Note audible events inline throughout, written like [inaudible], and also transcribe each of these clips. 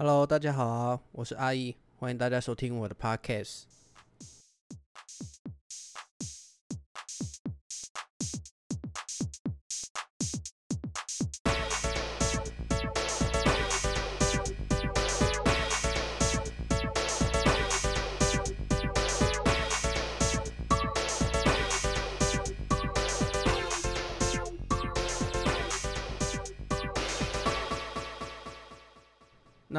Hello，大家好，我是阿易，歡迎大家收聽我的 Podcast。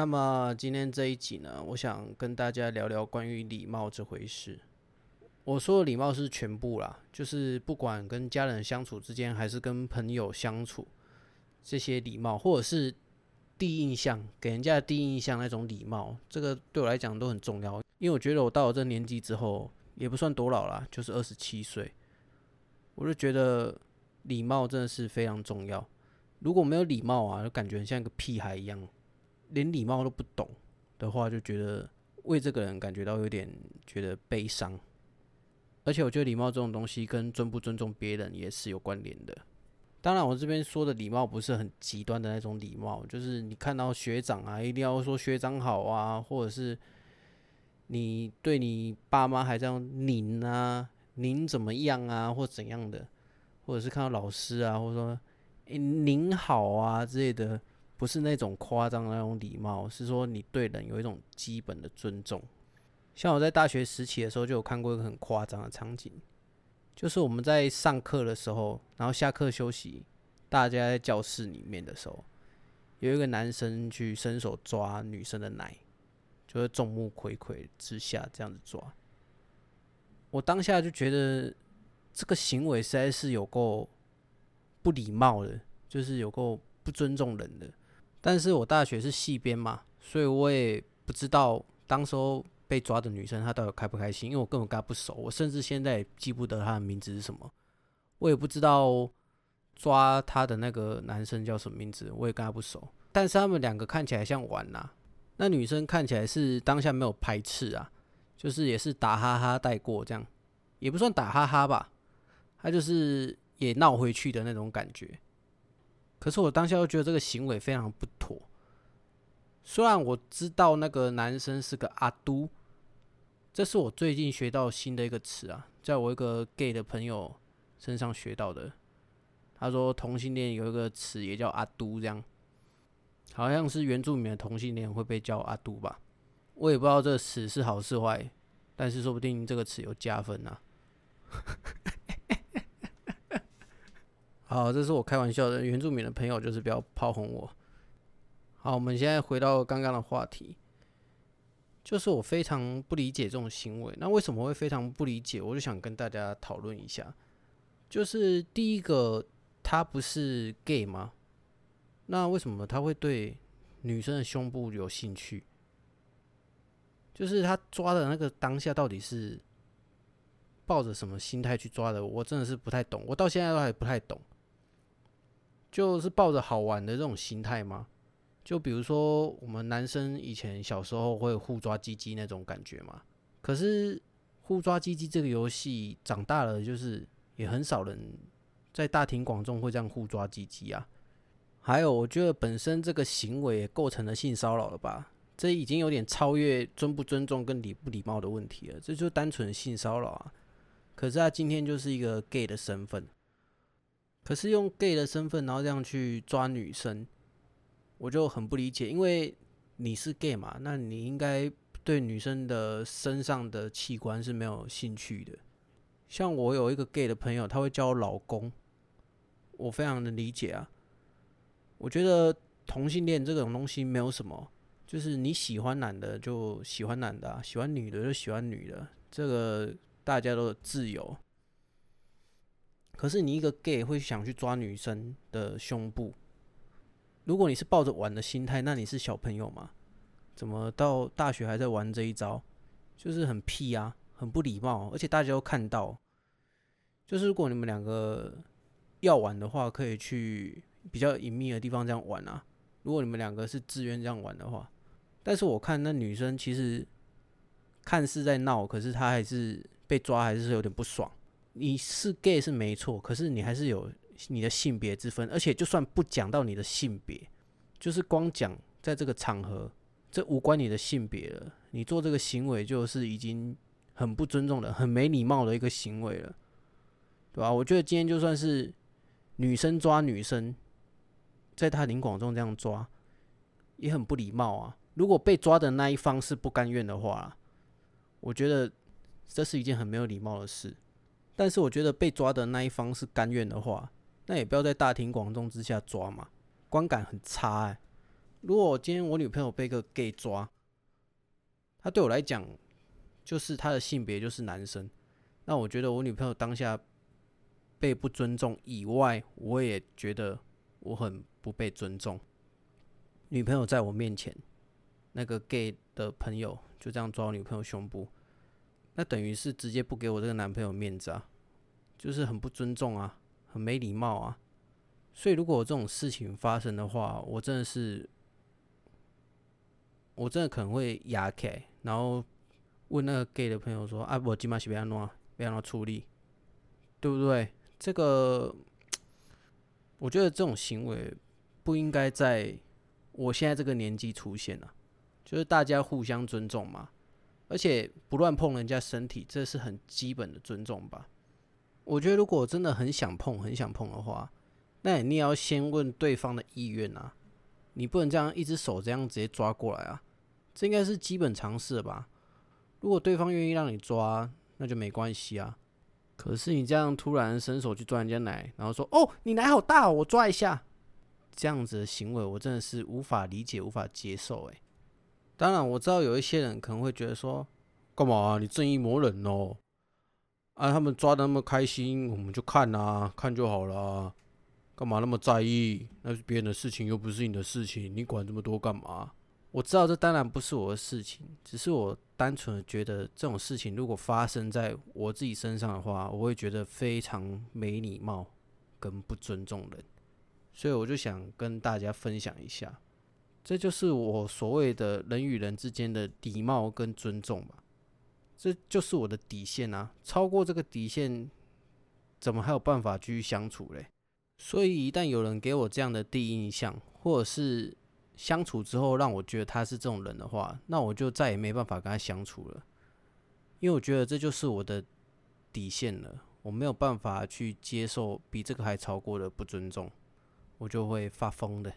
那麼今天這一集呢，我想跟大家聊聊關於禮貌這回事。我說的禮貌是全部啦，就是不管跟家人相處之間，還是跟朋友相處，這些禮貌或者是第一印象給人家的第一印象那種禮貌，這個對我來講都很重要。因為我覺得我到了這年紀之後，也不算多老啦，就是二十七歲，我就覺得禮貌真的是非常重要。如果沒有禮貌啊，就感覺很像一個屁孩一樣。連禮貌都不懂的話，就覺得為這個人感覺到有點覺得悲傷。而且我覺得禮貌這種東西跟尊不尊重別人也是有關聯的。當然，我這邊說的禮貌不是很極端的那種禮貌，就是你看到學長啊，一定要說學長好啊，或者是你對你爸媽還在用您啊，您怎麼樣啊，或怎樣的，或者是看到老師啊，或者說您好啊之類的。不是那種誇張的那種禮貌，是說你對人有一種基本的尊重。像我在大學時期的時候，就有看過一個很誇張的場景，就是我們在上課的時候，然後下課休息，大家在教室裡面的時候，有一個男生去伸手抓女生的奶，就是眾目睽睽之下這樣子抓。我當下就覺得這個行為實在是有夠不禮貌的，就是有夠不尊重人的。但是我大學是系編嘛，所以我也不知道當時候被抓的女生她到底開不開心，因為我根本跟她不熟，我甚至現在也記不得她的名字是什麼，我也不知道抓她的那個男生叫什麼名字，我也跟她不熟。但是他們兩個看起來像玩啊，那女生看起來是當下沒有排斥啊，就是也是打哈哈帶過這樣，也不算打哈哈吧，她就是也鬧回去的那種感覺。可是我當下又覺得這個行為非常不妥，雖然我知道那個男生是個阿都，這是我最近學到的新的一個詞啊，在我一個 gay 的朋友身上學到的。他說同性戀有一個詞也叫阿都，這樣好像是原住民的同性戀會被叫阿都吧？我也不知道這個詞是好是壞，但是說不定這個詞有加分啊 [laughs] 好，這是我開玩笑的。原住民的朋友就是不要炮轟我。好，我們現在回到剛剛的話題，就是我非常不理解這種行為。那為什麼會非常不理解？我就想跟大家討論一下。就是第一個，他不是 gay 嗎？那為什麼他會對女生的胸部有興趣？就是他抓的那個當下到底是抱着什麼心態去抓的？我真的是不太懂，我到現在都還不太懂。就是抱着好玩的這種心態嗎？就比如說我們男生以前小時候會互抓雞雞那種感覺嘛。可是互抓雞雞這個遊戲長大了，就是也很少人在大庭廣眾會這樣互抓雞雞啊。還有，我覺得本身這個行為構成了性騷擾了吧？這已經有點超越尊不尊重跟禮不禮貌的問題了，這就是單純性騷擾啊。可是他、啊、今天就是一個 gay 的身份。可是用 gay 的身份，然後這樣去抓女生，我就很不理解。因為你是 gay 嘛，那你應該對女生的身上的器官是沒有興趣的。像我有一個 gay 的朋友，他會叫我老公，我非常的理解啊。我覺得同性戀這種東西沒有什麼，就是你喜歡男的就喜歡男的，啊，喜歡女的就喜歡女的，這個大家都有自由。可是你一個 gay 會想去抓女生的胸部？如果你是抱着玩的心態，那你是小朋友嗎？怎麼到大學還在玩這一招？就是很屁啊，很不禮貌，而且大家都看到。就是如果你們兩個要玩的話，可以去比較隱秘的地方這樣玩啊。如果你們兩個是自願這樣玩的話，但是我看那女生其實看似在鬧，可是她還是被抓，還是有點不爽。你是 gay 是沒錯，可是你還是有你的性別之分。而且就算不講到你的性別，就是光講在這個場合，這無關你的性別了。你做這個行為就是已經很不尊重了，很沒禮貌的一個行為了，對吧？我覺得今天就算是女生抓女生，在大庭廣眾這樣抓，也很不禮貌啊。如果被抓的那一方是不甘願的話，我覺得這是一件很沒有禮貌的事。但是我覺得被抓的那一方是甘願的話，那也不要在大庭廣眾之下抓嘛，觀感很差哎、欸。如果今天我女朋友被個 gay 抓，他對我來講就是他的性別就是男生，那我覺得我女朋友當下被不尊重以外，我也覺得我很不被尊重。女朋友在我面前，那個 gay 的朋友就這樣抓我女朋友胸部。那等於是直接不給我這個男朋友面子啊，就是很不尊重啊，很沒禮貌啊。所以如果這種事情發生的話，我真的是，我真的可能會牙 K，然後問那個 gay 的朋友說：“啊，我今晚是需要幫忙，需要出力，對不對？”這個，我覺得這種行為不應該在我現在這個年紀出現了、啊，就是大家互相尊重嘛。而且不亂碰人家身體，這是很基本的尊重吧？我覺得如果真的很想碰、很想碰的話，那你也要先問對方的意願啊。你不能這樣一隻手這樣直接抓過來啊，這應該是基本常識吧？如果對方願意讓你抓，那就沒關係啊。可是你這樣突然伸手去抓人家奶，然後說“哦，你奶好大哦，我抓一下”，這樣子的行為，我真的是無法理解、無法接受誒。當然，我知道有一些人可能會覺得說，幹嘛啊，你正義魔人哦？啊，他們抓的那麼開心，我們就看啊，看就好了，幹嘛那麼在意？那是別人的事情，又不是你的事情，你管這麼多幹嘛？我知道這當然不是我的事情，只是我單純的覺得這種事情如果發生在我自己身上的話，我會覺得非常沒禮貌跟不尊重人，所以我就想跟大家分享一下。這就是我所謂的人與人之間的禮貌跟尊重吧，這就是我的底線啊！超過這個底線，怎麼還有辦法繼續相處嘞？所以一旦有人給我這樣的第一印象，或者是相處之後讓我覺得他是這種人的話，那我就再也沒辦法跟他相處了，因為我覺得這就是我的底線了，我沒有辦法去接受比這個還超過的不尊重，我就會發瘋的。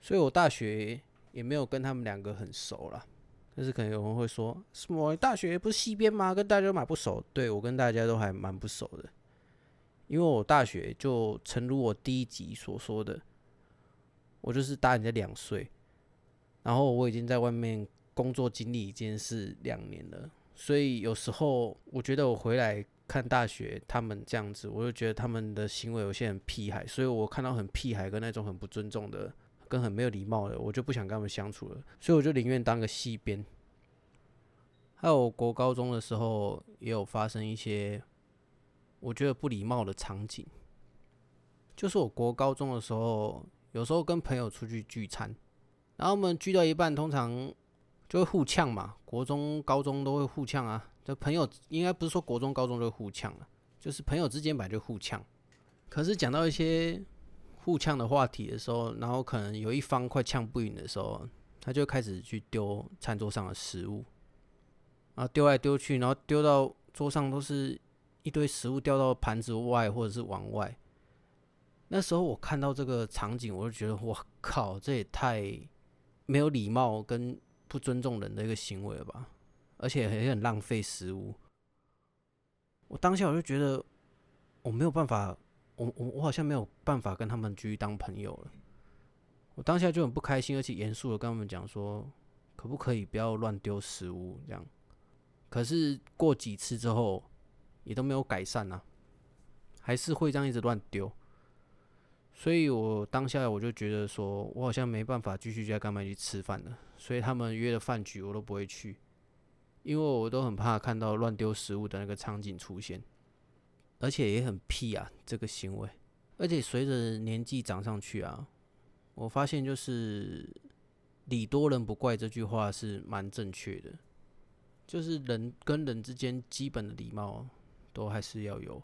所以，我大學也沒有跟他們兩個很熟啦，但是，可能有人會說：“什麼大學不是西邊嗎？跟大家都蠻不熟？”對，我跟大家都還蠻不熟的，因為我大學就誠如我第一集所說的，我就是大人家兩歲，然後我已經在外面工作經歷已經是兩年了。所以，有時候我覺得我回來看大學，他們這樣子，我就覺得他們的行為有些很屁孩，所以我看到很屁孩跟那種很不尊重的。跟很沒有禮貌的，我就不想跟他們相處了，所以我就寧願當個戲邊。還有我國高中的時候，也有發生一些我覺得不禮貌的場景，就是我國高中的時候，有時候跟朋友出去聚餐，然後我們聚到一半，通常就會互嗆嘛。國中、高中都會互嗆啊，這朋友應該不是說國中、高中就互嗆了，就是朋友之間本來就互嗆。可是講到一些。互嗆的話題的時候，然後可能有一方快嗆不贏的時候，他就開始去丟餐桌上的食物，然後丟來丟去，然後丟到桌上都是一堆食物掉到盤子外或者是碗外。那時候我看到這個場景，我就覺得我靠，這也太沒有禮貌跟不尊重人的一個行為了吧？而且也很浪費食物。我當下我就覺得我沒有辦法。我我我好像沒有辦法跟他們繼續當朋友了，我當下就很不開心，而且嚴肅的跟他們講說，可不可以不要亂丟食物這樣？可是過幾次之後，也都沒有改善啊，還是會這樣一直亂丟，所以我當下我就覺得說我好像沒辦法繼續跟他們去吃飯了，所以他們約的飯局我都不會去，因為我都很怕看到亂丟食物的那個場景出現。而且也很屁啊，這個行為。而且隨着年紀長上去啊，我發現就是“禮多人不怪”這句話是蠻正確的，就是人跟人之間基本的禮貌都還是要有，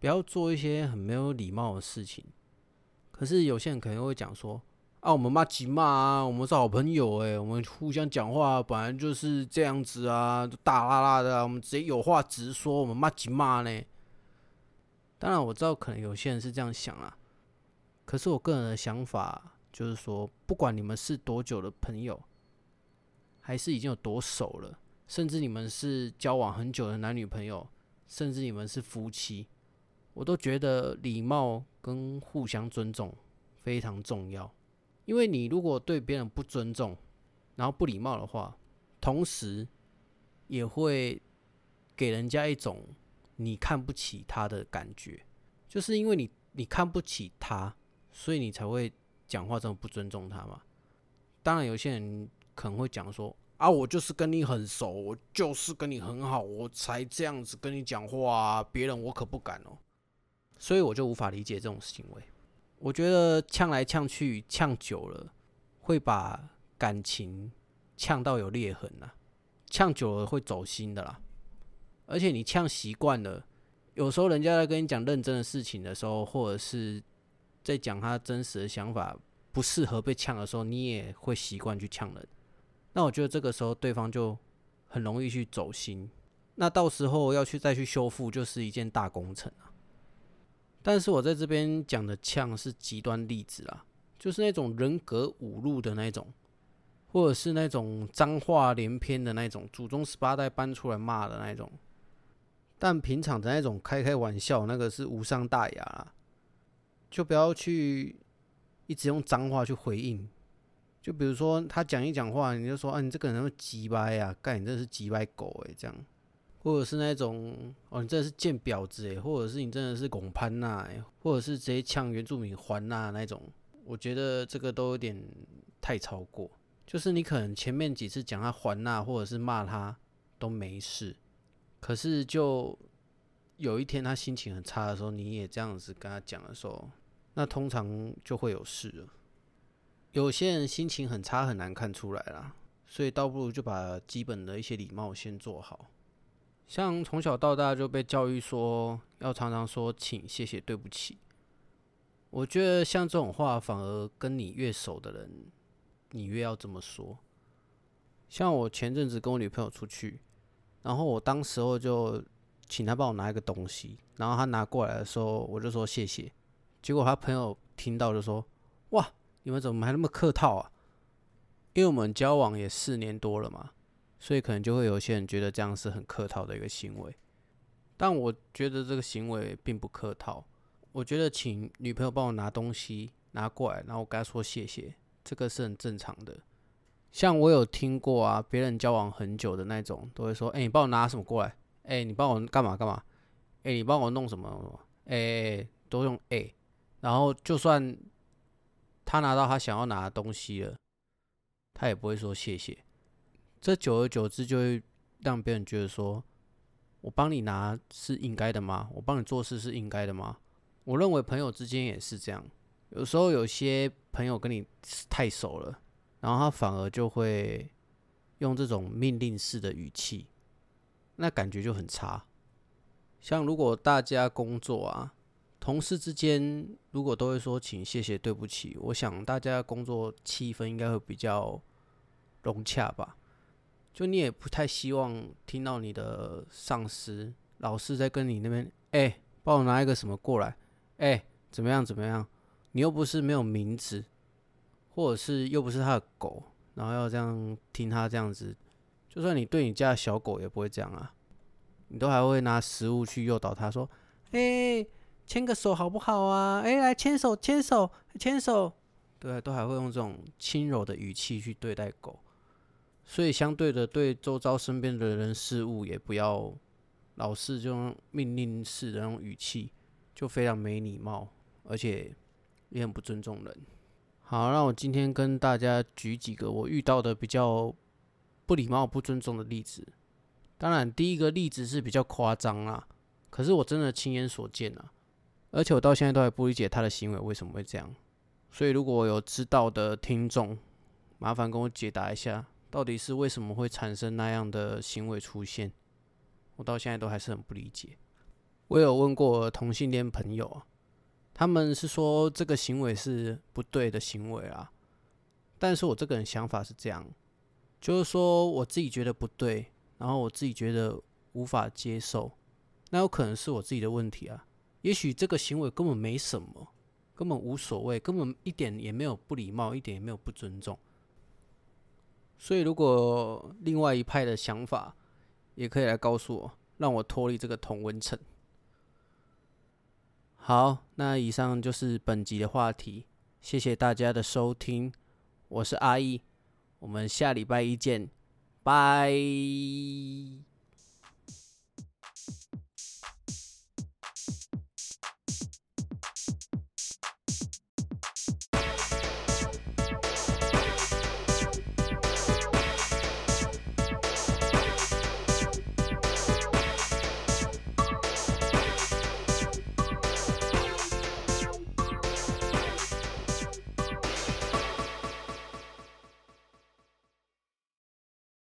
不要做一些很沒有禮貌的事情。可是有些人可能會講說：“啊，我們罵急罵啊，我們是好朋友哎、欸，我們互相講話本來就是這樣子啊，就大剌剌的、啊，我們直接有話直說，我們罵急罵呢？”當然我知道可能有些人是這樣想啊，可是我個人的想法就是說，不管你們是多久的朋友，還是已經有多熟了，甚至你們是交往很久的男女朋友，甚至你們是夫妻，我都覺得禮貌跟互相尊重非常重要。因為你如果對別人不尊重，然後不禮貌的話，同時也會給人家一種。你看不起他的感覺，就是因為你你看不起他，所以你才會講話這麼不尊重他嘛。當然，有些人可能會講說啊，我就是跟你很熟，我就是跟你很好，嗯、我才這樣子跟你講話啊，別人我可不敢哦。所以我就無法理解這種行為。我覺得嗆來嗆去，嗆久了會把感情嗆到有裂痕啦，啊，嗆久了會走心的啦。而且你嗆習慣了，有時候人家在跟你講認真的事情的時候，或者是在講他真實的想法，不適合被嗆的時候，你也會習慣去嗆人。那我覺得這個時候對方就很容易去走心，那到時候要去再去修復就是一件大工程啊。但是我在這邊講的嗆是極端例子啦，就是那種人格侮辱的那種，或者是那種髒話連篇的那種，祖宗十八代搬出來罵的那種。但平常的那種開開玩笑，那個是無傷大雅，就不要去一直用髒話去回應。就比如說他講一講話，你就說啊，你這個人要雞掰呀，幹你真的是雞掰狗誒、欸，這樣，或者是那種哦，你真的是賤婊子誒、欸，或者是你真的是拱潘啊、欸，或者是直接嗆原住民還啊，那種，我覺得這個都有點太超過。就是你可能前面幾次講他還啊，或者是罵他都沒事。可是，就有一天他心情很差的時候，你也這樣子跟他講的時候，那通常就會有事了。有些人心情很差，很難看出來啦，所以倒不如就把基本的一些禮貌先做好。像從小到大就被教育說要常常說請、謝謝、對不起。我覺得像這種話，反而跟你越熟的人，你越要這麼說。像我前陣子跟我女朋友出去。然後我當時候就請他幫我拿一個東西，然後他拿過來的時候，我就說謝謝。結果他朋友聽到就說：“哇，你們怎麼還那麼客套啊？”因為我們交往也四年多了嘛，所以可能就會有些人覺得這樣是很客套的一個行為。但我覺得這個行為並不客套，我覺得請女朋友幫我拿東西拿過來，然後我跟他說謝謝，這個是很正常的。像我有聽過啊，別人交往很久的那種，都會說：“哎，你幫我拿什麼過來？哎，你幫我幹嘛幹嘛？哎，你幫我弄什麼？哎，都用哎。”然後就算他拿到他想要拿的東西了，他也不會說謝謝。這久而久之就會讓別人覺得說：“我幫你拿是應該的嗎？我幫你做事是應該的嗎？”我認為朋友之間也是這樣。有時候有些朋友跟你太熟了。然後他反而就會用這種命令式的語氣，那感覺就很差。像如果大家工作啊，同事之間如果都會說請、謝謝、對不起，我想大家工作氣氛，應該會比較融洽吧。就你也不太希望聽到你的上司老是在跟你那邊，哎、欸，幫我拿一個什麼過來，哎、欸，怎麼樣怎麼樣？你又不是沒有名字。或者是又不是他的狗，然後要這樣聽他這樣子，就算你對你家的小狗也不會這樣啊，你都還會拿食物去誘導他說，哎、欸，牽個手好不好啊？哎、欸，來牽手，牽手，牽手，對，都還會用這種輕柔的語氣去對待狗，所以相對的對周遭身邊的人事物也不要老是就用命令式的那種語氣，就非常沒禮貌，而且也很不尊重人。好，那我今天跟大家舉幾個我遇到的比較不禮貌、不尊重的例子。當然，第一個例子是比較誇張啦，可是我真的親眼所見啊，而且我到現在都還不理解他的行為為什麼會這樣。所以，如果有知道的聽眾，麻煩跟我解答一下，到底是為什麼會產生那樣的行為出現？我到現在都還是很不理解。我有問過同性戀朋友啊。他們是說這個行為是不對的行為啊，但是我這個人想法是這樣，就是說我自己覺得不對，然後我自己覺得無法接受，那有可能是我自己的問題啊，也許這個行為根本沒什麼，根本無所謂，根本一點也沒有不禮貌，一點也沒有不尊重。所以如果另外一派的想法，也可以來告訴我，讓我脫離這個同溫層。好，那以上就是本集的話題。謝謝大家的收聽，我是阿易，我們下禮拜一見，拜。